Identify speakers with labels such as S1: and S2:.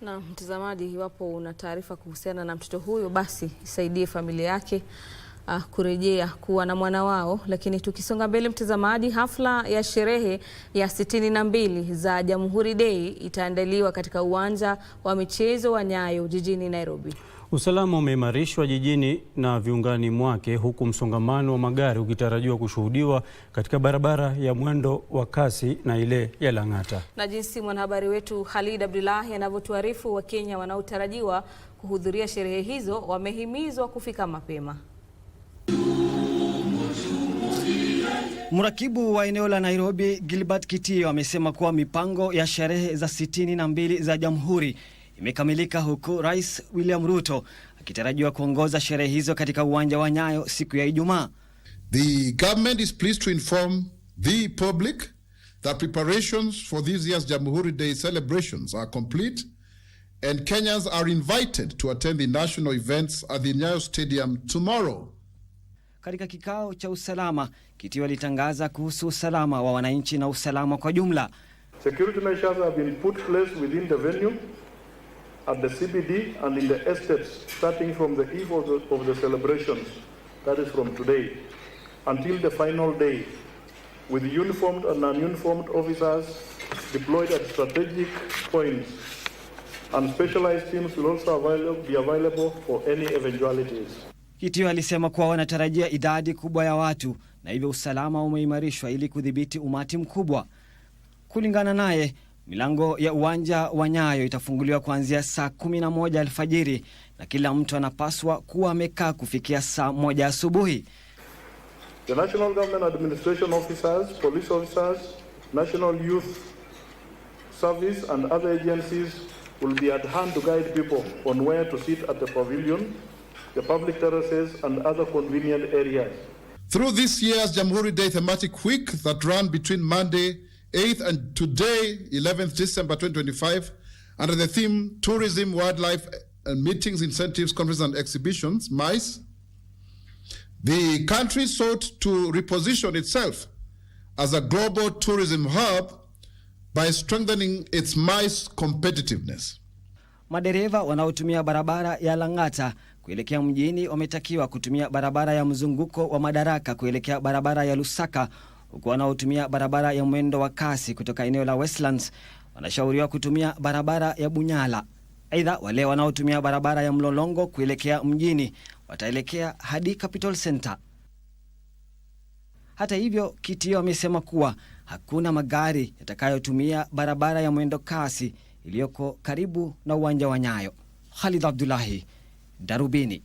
S1: Na mtazamaji, iwapo una taarifa kuhusiana na mtoto huyo, basi isaidie familia yake uh, kurejea kuwa na mwana wao. Lakini tukisonga mbele, mtazamaji, hafla ya sherehe ya sitini na mbili za Jamhuri Day itaandaliwa katika uwanja wa michezo wa Nyayo jijini Nairobi.
S2: Usalama umeimarishwa jijini na viungani mwake huku msongamano wa magari ukitarajiwa kushuhudiwa katika barabara ya mwendo wa kasi na ile ya Lang'ata.
S1: Na jinsi mwanahabari wetu Khalid Abdullahi anavyotuarifu, Wakenya wanaotarajiwa kuhudhuria sherehe hizo wamehimizwa kufika mapema.
S2: mrakibu wa eneo la Nairobi Gilbert Kitio amesema kuwa mipango ya sherehe za sitini na mbili za Jamhuri imekamilika huku Rais William Ruto akitarajiwa kuongoza sherehe hizo katika uwanja wa Nyayo siku ya Ijumaa.
S3: The government is pleased to inform the public that preparations for this year's Jamhuri Day celebrations are complete and Kenyans are invited to attend the national events at the Nyayo Stadium tomorrow.
S2: Katika kikao cha usalama, Kitio alitangaza kuhusu usalama wa wananchi na usalama kwa jumla.
S4: Security measures have been put place within the venue at the CBD and in the estates starting from the eve of the, of the celebrations that is from today until the final day with uniformed and non-uniformed officers deployed at strategic points and specialized teams will also avail be available for any eventualities.
S2: Kitio alisema kuwa wanatarajia idadi kubwa ya watu na hivyo usalama umeimarishwa ili kudhibiti umati mkubwa. Kulingana naye, milango ya uwanja wa Nyayo itafunguliwa kuanzia saa 11 alfajiri na kila mtu anapaswa kuwa amekaa kufikia saa moja asubuhi.
S4: The National Government Administration officers, police officers, National Youth Service and other agencies will be at hand to guide people on where to sit at the pavilion. the public terraces and other convenient areas.
S3: Through this year's Jamhuri Day thematic week that ran between Monday 8th and today 11th December 2025 under the theme Tourism, Wildlife and Meetings, Incentives, Conferences and Exhibitions, MICE, the country sought to reposition itself as a global tourism hub by strengthening its MICE competitiveness.
S2: Madereva wanaotumia barabara ya Lang'ata kuelekea mjini wametakiwa kutumia barabara ya mzunguko wa Madaraka kuelekea barabara ya Lusaka, huku wanaotumia barabara ya mwendo wa kasi kutoka eneo la Westlands wanashauriwa kutumia barabara ya Bunyala. Aidha, wale wanaotumia barabara ya Mlolongo kuelekea mjini wataelekea hadi Capital Center. Hata hivyo, Kitio amesema kuwa hakuna magari yatakayotumia barabara ya mwendo kasi iliyoko karibu na uwanja wa Nyayo. Khalid Abdullahi, Darubini.